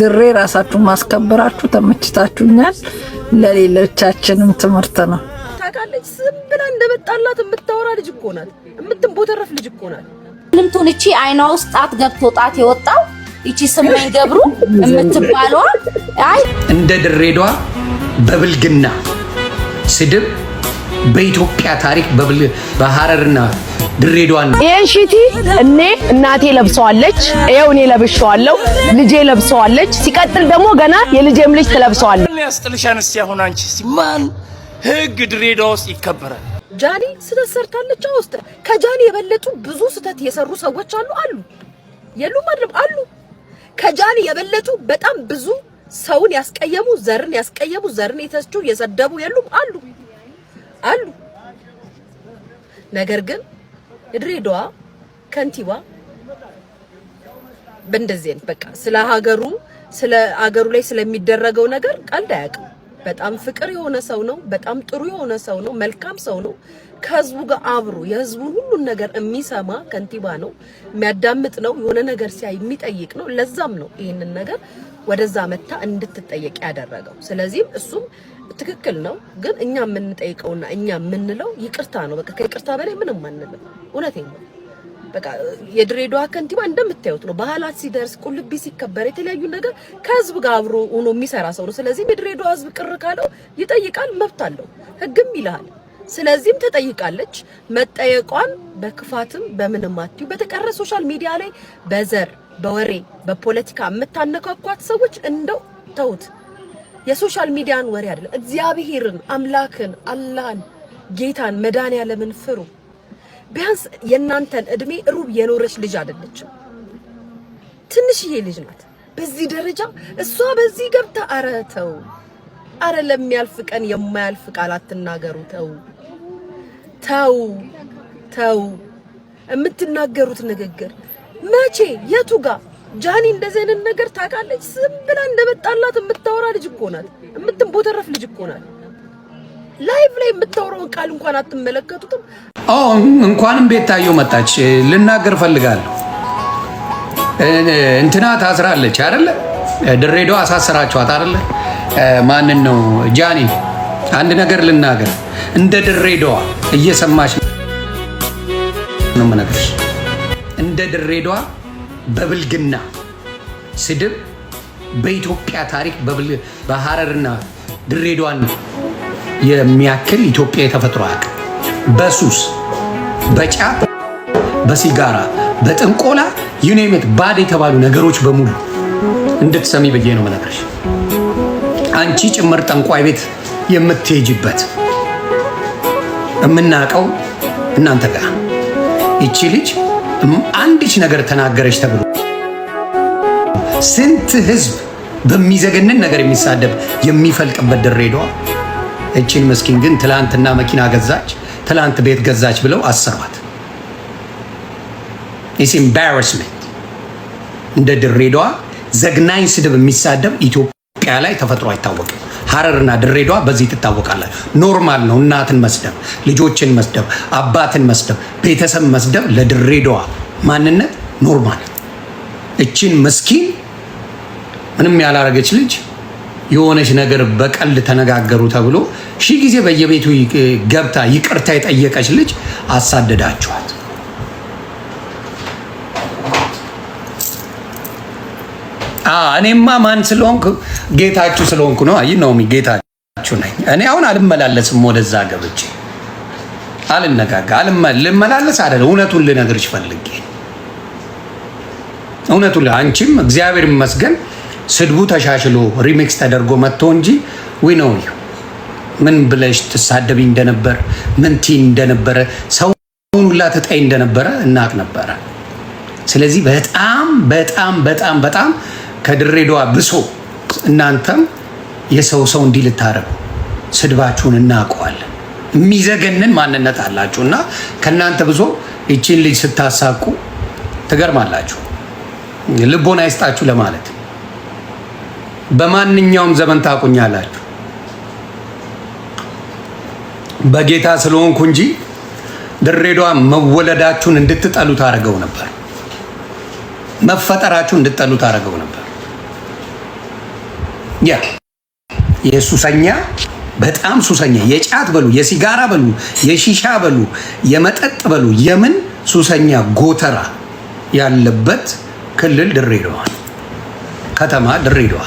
ድሬ ራሳችሁ ማስከበራችሁ ተመችታችሁኛል። ለሌሎቻችንም ትምህርት ነው። ታውቃለች። ዝም ብላ እንደመጣላት የምታወራ ልጅ እኮ ናት። የምትንቦተረፍ ልጅ እኮ ናት። ምንም ትሁን እቺ አይኗ ውስጥ ጣት ገብቶ ጣት የወጣው እቺ ስመኝ ገብሩ የምትባሏ አይ እንደ ድሬዷ በብልግና ስድብ በኢትዮጵያ ታሪክ በሀረርና ድሬዳዋን ይሄን ሺቲ እኔ እናቴ ለብሰዋለች፣ ይሄው እኔ ለብሼዋለሁ፣ ልጄ ለብሰዋለች። ሲቀጥል ደግሞ ገና የልጄም ልጅ ትለብሰዋለች። ያስጥልሻን እስቲ አሁን አንቺ ሲማን ህግ ድሬዳዋ ውስጥ ይከበራል? ጃኒ ስህተት ሰርታለች። ውስጥ ከጃኒ የበለጡ ብዙ ስህተት የሰሩ ሰዎች አሉ አሉ የሉም አይደለም አሉ። ከጃኒ የበለጡ በጣም ብዙ ሰውን ያስቀየሙ ዘርን ያስቀየሙ ዘርን የተቹ የሰደቡ የሉም አሉ አሉ። ነገር ግን የድሬዳዋ ከንቲባ በእንደዚህ አይነት በቃ ስለ ሀገሩ ስለ ሀገሩ ላይ ስለሚደረገው ነገር ቀልድ አያውቅም። በጣም ፍቅር የሆነ ሰው ነው። በጣም ጥሩ የሆነ ሰው ነው። መልካም ሰው ነው። ከህዝቡ ጋር አብሮ የህዝቡን ሁሉን ነገር የሚሰማ ከንቲባ ነው። የሚያዳምጥ ነው። የሆነ ነገር ሲያይ የሚጠይቅ ነው። ለዛም ነው ይህንን ነገር ወደዛ መታ እንድትጠየቅ ያደረገው። ስለዚህም እሱም ትክክል ነው። ግን እኛ የምንጠይቀውና እኛ የምንለው ይቅርታ ነው። በቃ ከይቅርታ በላይ ምንም አንልም። እውነቴን ነው። በቃ የድሬዳዋ ከንቲባ እንደምታዩት ነው። ባህላት ሲደርስ ቁልቢ ሲከበር የተለያዩ ነገር ከህዝብ ጋር አብሮ ሆኖ የሚሰራ ሰው ነው። ስለዚህም የድሬዳዋ ህዝብ ቅር ካለው ይጠይቃል፣ መብት አለው፣ ህግም ይልሃል። ስለዚህም ተጠይቃለች። መጠየቋን በክፋትም በምንም አትዩ። በተቀረ ሶሻል ሚዲያ ላይ በዘር በወሬ በፖለቲካ የምታነካኳት ሰዎች እንደው ተውት። የሶሻል ሚዲያን ወሬ አይደለም። እግዚአብሔርን አምላክን አላህን ጌታን መድኃኒዓለምን ፍሩ። ቢያንስ የእናንተን እድሜ ሩብ የኖረች ልጅ አይደለችም፣ ትንሽዬ ልጅ ናት። በዚህ ደረጃ እሷ በዚህ ገብታ አረ ተው፣ አረ ለሚያልፍ ቀን የማያልፍ ቃል አትናገሩ። ተው ተው ተው። የምትናገሩት ንግግር መቼ የቱ ጋር ጃኒ እንደዚህ አይነት ነገር ታውቃለች። ዝም ብላ እንደመጣላት የምታወራ ልጅ እኮ ናት። የምትንቦተረፍ ልጅ እኮ ናት። ላይቭ ላይ የምታወራውን ቃል እንኳን አትመለከቱትም። አዎ እንኳንም ቤታዮ መጣች። ልናገር ፈልጋለሁ። እንትና ታስራለች አይደለ? ድሬዳዋ አሳስራችኋት አይደለ? ማንን ነው ጃኒ? አንድ ነገር ልናገር። እንደ ድሬዳዋ እየሰማች ነው የምነግርሽ እንደ ድሬዳዋ በብልግና ስድብ በኢትዮጵያ ታሪክ በሐረርና ድሬዳዋን የሚያክል ኢትዮጵያ የተፈጥሮ አቅ በሱስ በጫት በሲጋራ በጥንቆላ ዩኔሜት ባድ የተባሉ ነገሮች በሙሉ እንድትሰሚ ብዬ ነው መነግርሽ። አንቺ ጭምር ጠንቋይ ቤት የምትሄጅበት የምናውቀው እናንተ ጋር ይቺ ልጅ አንዲች ነገር ተናገረች ተብሎ ስንት ህዝብ በሚዘገንን ነገር የሚሳደብ የሚፈልቅበት ድሬዳዋ እቺን መስኪን ግን ትላንትና መኪና ገዛች፣ ትላንት ቤት ገዛች ብለው አሰሯት። ኢስ ኤምባራስመንት። እንደ ድሬዳዋ ዘግናኝ ስድብ የሚሳደብ ኢትዮጵያ ላይ ተፈጥሮ አይታወቅም። ሀረርና ድሬዳዋ በዚህ ትታወቃለች። ኖርማል ነው እናትን መስደብ፣ ልጆችን መስደብ፣ አባትን መስደብ፣ ቤተሰብ መስደብ ለድሬዳዋ ማንነት ኖርማል። እችን ምስኪን ምንም ያላረገች ልጅ የሆነች ነገር በቀልድ ተነጋገሩ ተብሎ ሺህ ጊዜ በየቤቱ ገብታ ይቅርታ የጠየቀች ልጅ አሳደዳችኋት። እኔማ ማን ስለሆንኩ ጌታችሁ ስለሆንኩ ነው። አይ ነው ጌታችሁ ነኝ። እኔ አሁን አልመላለስም፣ ወደዛ ገብቼ አልነጋጋ ልመላለስ አይደለም። እውነቱን ልነግርሽ ፈልጌ እውነቱን አንቺም እግዚአብሔር ይመስገን ስድቡ ተሻሽሎ ሪሚክስ ተደርጎ መጥቶ እንጂ ዊ ነው ምን ብለሽ ትሳደብኝ እንደነበር ምንቲ እንደነበረ ሰውን ሁላ ትጠይ እንደነበረ እናቅ ነበረ። ስለዚህ በጣም በጣም በጣም በጣም ከድሬዳዋ ብሶ እናንተም የሰው ሰው እንዲህ ልታረጉ ስድባችሁን እናውቀዋለን። የሚዘገንን ማንነት አላችሁ እና ከእናንተ ብሶ ይቺን ልጅ ስታሳቁ ትገርማላችሁ። ልቦን አይስጣችሁ ለማለት በማንኛውም ዘመን ታቁኛላችሁ። በጌታ ስለሆንኩ እንጂ ድሬዳዋ መወለዳችሁን እንድትጠሉ ታደርገው ነበር። መፈጠራችሁን እንድትጠሉ ታደርገው ነበር። ያ የሱሰኛ በጣም ሱሰኛ የጫት በሉ የሲጋራ በሉ የሺሻ በሉ የመጠጥ በሉ የምን ሱሰኛ ጎተራ ያለበት ክልል ድሬዳዋ ከተማ ድሬዳዋ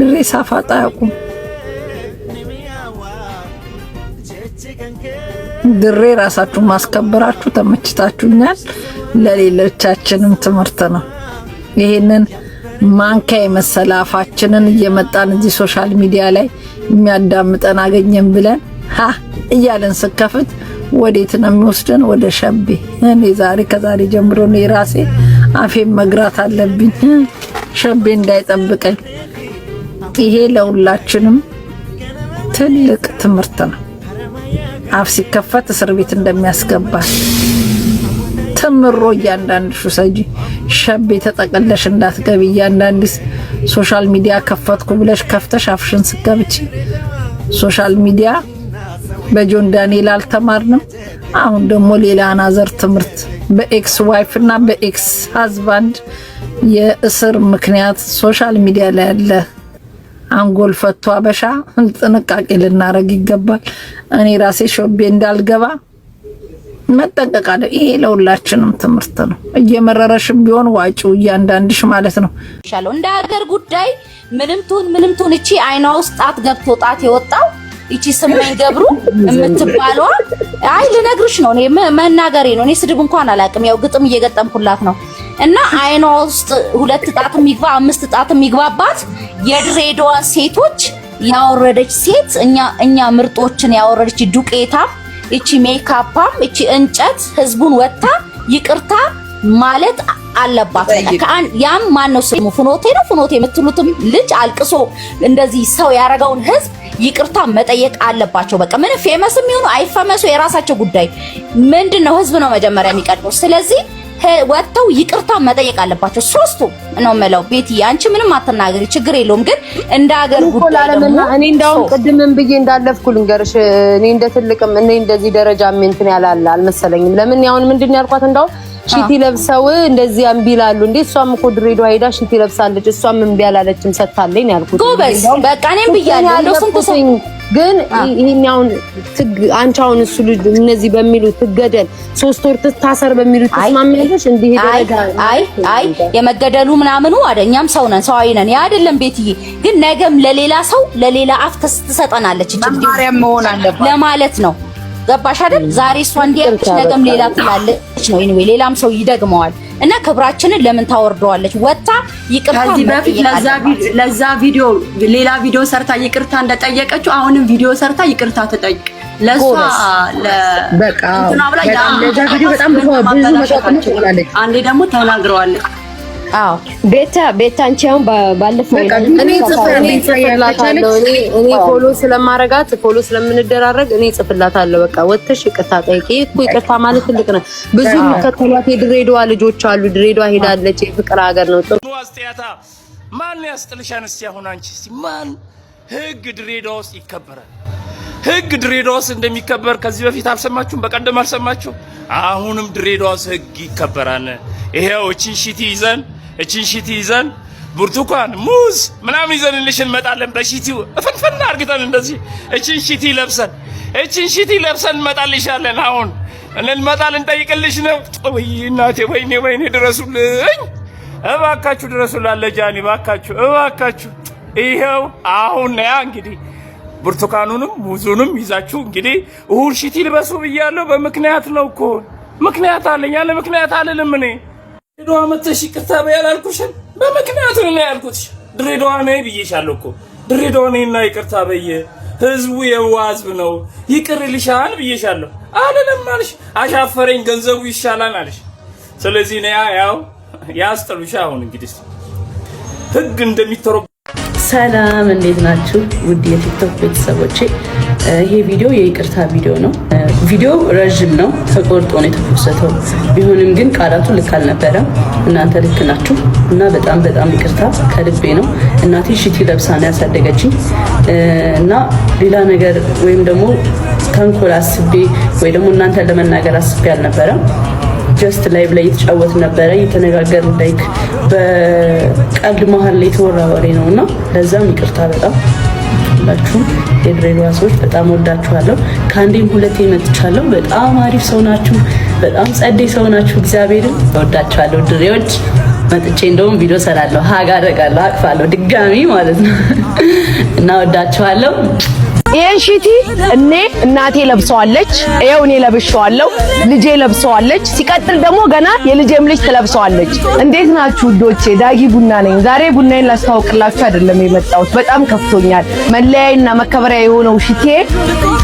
ድሬ ሳፋጣ ያቁም ድሬ ራሳችሁ ማስከበራችሁ ተመችታችሁኛል። ለሌሎቻችንም ትምህርት ነው ይሄንን ማንኪያ የመሰለ አፋችንን እየመጣን እዚህ ሶሻል ሚዲያ ላይ የሚያዳምጠን አገኘን ብለን ሀ እያለን ስከፍት ወዴት ነው የሚወስደን? ወደ ሸቤ። እኔ ዛሬ ከዛሬ ጀምሮ እኔ ራሴ አፌን መግራት አለብኝ፣ ሸቤ እንዳይጠብቀኝ። ይሄ ለሁላችንም ትልቅ ትምህርት ነው። አፍ ሲከፈት እስር ቤት እንደሚያስገባ ተምሮ እያንዳንድ ሹሰጂ ሸብ የተጠቀለሽ እንዳትገቢ። እያንዳንዲስ ሶሻል ሚዲያ ከፈትኩ ብለሽ ከፍተሽ አፍሽን ስገብች ሶሻል ሚዲያ በጆን ዳንኤል አልተማርንም። አሁን ደግሞ ሌላ አናዘር ትምህርት በኤክስ ዋይፍ እና በኤክስ ሀዝባንድ የእስር ምክንያት ሶሻል ሚዲያ ላይ ያለ አንጎል ፈቶ አበሻ ጥንቃቄ ልናረግ ይገባል። እኔ ራሴ ሾቤ እንዳልገባ መጠንቀቅ ይሄ ለሁላችንም ትምህርት ነው። እየመረረሽም ቢሆን ዋጪው እያንዳንድሽ ማለት ነው። እንደ ሀገር ጉዳይ ምንም ትሁን ምንም ትሁን እቺ አይኗ ውስጥ ጣት ገብቶ ጣት የወጣው እቺ ስመኝ ገብሩ የምትባለዋ አይ ልነግርሽ ነው፣ እኔ መናገሬ ነው። እኔ ስድብ እንኳን አላውቅም። ያው ግጥም እየገጠምኩላት ነው እና አይኗ ውስጥ ሁለት ጣት የሚግባ አምስት ጣት የሚግባባት የድሬዳዋ ሴቶች ያወረደች ሴት እኛ እኛ ምርጦችን ያወረደች ዱቄታ እቺ ሜካፓም እቺ እንጨት ህዝቡን ወጥታ ይቅርታ ማለት አለባት። ያም ነው ስሙ ፍኖቴ ነው ፍኖቴ የምትሉትም ልጅ አልቅሶ እንደዚህ ሰው ያደረገውን ህዝብ ይቅርታ መጠየቅ አለባቸው። በቃ ምን ፌመስ የሚሆኑ አይፈመሱ የራሳቸው ጉዳይ ምንድን ነው። ህዝብ ነው መጀመሪያ የሚቀድመው። ስለዚህ ወጥተው ይቅርታ መጠየቅ አለባቸው። ሶስቱ ነው የምለው። ቤቲ አንቺ ምንም አትናገሪ፣ ችግር የለውም ግን እንደ ሀገር ጉዳይ ደግሞ እኔ እንዳውም ቅድምም ብዬ እንዳለፍኩ ልንገርሽ፣ እኔ እንደ ትልቅም እኔ እንደዚህ ደረጃ እንትን ያላል አልመሰለኝም። ለምን ያሁን ምንድን ያልኳት እንዳውም ሽቲ ለብሰው እንደዚህ እምቢ ይላሉ እንዴ? እሷም እኮ ድሬዳዋ ሄዳ ሽቲ ለብሳለች። እሷም እምቢ አላለችም ሰጥታለኝ ያልኩት ጎበዝ። በቃ እኔም ብያለሁ። ስንት ሰው ግን ይሄኛውን ትግ አንቺ አሁን እሱ ልጅ እነዚህ በሚሉ ትገደል ሶስት ወር ትታሰር በሚሉ ትስማሚያለሽ? እንዲህ ሄደ አይ አይ የመገደሉ ምናምኑ አደኛም ሰው ነን ሰው አይነን ያ አይደለም። ቤትዬ ግን ነገም ለሌላ ሰው ለሌላ አፍ ትሰጠናለች እንጂ ማርያም መሆን አለባት ለማለት ነው ገባሽ አይደል? ዛሬ እሷ እንዲያለች ነገም ሌላ ትላለች ነው። ኤኒዌይ ሌላም ሰው ይደግመዋል እና ክብራችንን ለምን ታወርደዋለች? ወጣ ይቅርታ። ከዚህ በፊት ለዛ ቪዲዮ ለዛ ቪዲዮ ሌላ ቪዲዮ ሰርታ ይቅርታ እንደጠየቀችው አሁንም ቪዲዮ ሰርታ ይቅርታ ተጠይቅ። ለሷ ለእንትና ብላ ያ ቪዲዮ በጣም ብዙ አንዴ ደግሞ ተናግረዋለች አዎ ቤታ ቤታ አንቺ አሁን ባለፈው እኔ ጽፍላታለሁ። እኔ ፎሎ ስለማረጋት ፎሎ ስለምንደራረግ እኔ ጽፍላታለሁ። በቃ ወተሽ ይቅርታ ጠይቂ እኮ ይቅርታ ማለት ትልቅ ነው። ብዙ የሚከተሏት የድሬዳዋ ልጆች አሉ። ድሬዳዋ ሄዳለች። የፍቅር ሀገር ነው። ጥሩ አስተያታ ማን ያስጥልሻን? እስቲ አሁን አንቺ እስቲ ማን ህግ ድሬዳዋ ውስጥ ይከበራል? ህግ ድሬዳዋ ውስጥ እንደሚከበር ከዚህ በፊት አልሰማችሁም? በቀደም አልሰማችሁም? አሁንም ድሬዳዋ ውስጥ ህግ ይከበራል። ይሄው እቺን ሺቲ ይዘን እችን ሺቲ ይዘን ብርቱካን፣ ሙዝ ምናምን ይዘን ልሽ እንመጣለን። በሺቲው ፍንፍን አርግተን እንደዚህ እችን ሺቲ ለብሰን እችን ሺቲ ለብሰን እንመጣልሻለን። አሁን እንመጣል እንጠይቅልሽ ነው። ወይ እናቴ፣ ወይኔ፣ ወይኔ፣ ድረሱልኝ እባካችሁ፣ ድረሱላለ ጃኒ፣ እባካችሁ፣ እባካችሁ። ይኸው አሁን ነያ እንግዲህ ብርቱካኑንም ሙዙንም ይዛችሁ እንግዲህ እሁድ ሺቲ ልበሱ ብያለሁ። በምክንያት ነው እኮ ምክንያት አለኝ። ያለ ምክንያት አልልም እኔ ድሬዳዋ መተሽ ይቅርታ በይ አላልኩሽም? በምክንያቱ ነው ያልኩትሽ። ድሬዳዋ ነይ ብዬሻለሁ እኮ ድሬዳዋ ነይና ይቅርታ በይ፣ ህዝቡ የዋህ ህዝብ ነው ይቅር ብዬሻለሁ። አልልም አልሽ፣ አሻፈረኝ፣ ገንዘቡ ይሻላል አልሽ። ስለዚህ ነያ ያው ያስጠሉሻ። አሁን እንግዲህ ህግ እንደሚተረጎ ሰላም፣ እንዴት ናችሁ ውድ የቲክቶክ ቤተሰቦቼ? ይሄ ቪዲዮ የይቅርታ ቪዲዮ ነው። ቪዲዮው ረዥም ነው፣ ተቆርጦ ነው የተፈሰተው። ቢሆንም ግን ቃላቱ ልክ አልነበረም። እናንተ ልክ ናችሁ እና በጣም በጣም ይቅርታ ከልቤ ነው። እናቴ ሽቲ ለብሳ ነው ያሳደገችኝ እና ሌላ ነገር ወይም ደግሞ ተንኮል አስቤ ወይ ደግሞ እናንተ ለመናገር አስቤ አልነበረም። ጀስት ላይቭ ላይ እየተጫወት ነበረ እየተነጋገር ላይክ በቀልድ መሀል ላይ የተወራ ወሬ ነው እና ለዛም ይቅርታ በጣም ሁላችሁ የድሬዳዋ ሰዎች በጣም ወዳችኋለሁ። ከአንዴም ሁለቴ መጥቻለሁ። በጣም አሪፍ ሰው ናችሁ። በጣም ጸዴ ሰው ናችሁ። እግዚአብሔርም ወዳችኋለሁ። ድሬዎች መጥቼ እንደውም ቪዲዮ ሰራለሁ፣ ሀግ አደርጋለሁ፣ አቅፋለሁ ድጋሚ ማለት ነው እና ወዳችኋለሁ። ይሄን እኔ እናቴ ለብሰዋለች፣ ይኸው እኔ ለብሼዋለሁ፣ ልጄ ለብሰዋለች። ሲቀጥል ደግሞ ገና የልጄም ልጅ ትለብሰዋለች። እንዴት ናችሁ ውዶቼ? ዳጊ ቡና ነኝ። ዛሬ ቡናዬን ላስተዋውቅላችሁ አይደለም የመጣሁት፣ በጣም ከፍቶኛል። መለያይና መከበሪያ የሆነው ሽቴ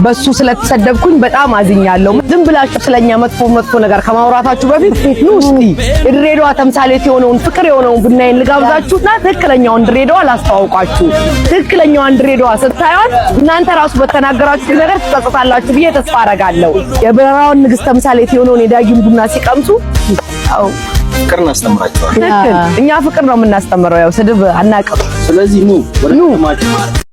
በሱ ስለተሰደብኩኝ በጣም አዝኛለሁ። ዝም ብላችሁ ስለኛ መጥፎ መጥፎ ነገር ከማውራታችሁ በፊት ኑ እስቲ የድሬዳዋ ተምሳሌት የሆነውን ፍቅር የሆነውን ቡናዬን ልጋብዛችሁና ትክክለኛውን ድሬዳዋ ላስተዋውቃችሁ። ትክክለኛዋን ድሬዳዋ ስታዩት እናንተ ራሱ በተናገራችሁ ነገር ትጸጸታላችሁ ብዬ ተስፋ አደርጋለሁ። የበረራውን ንግስት ተምሳሌት የሆነውን የዳጊም ቡና ሲቀምሱ አው ፍቅር እናስተምራቸዋለን። እኛ ፍቅር ነው የምናስተምረው። ያው ስድብ አናውቅም። ስለዚህ ኑ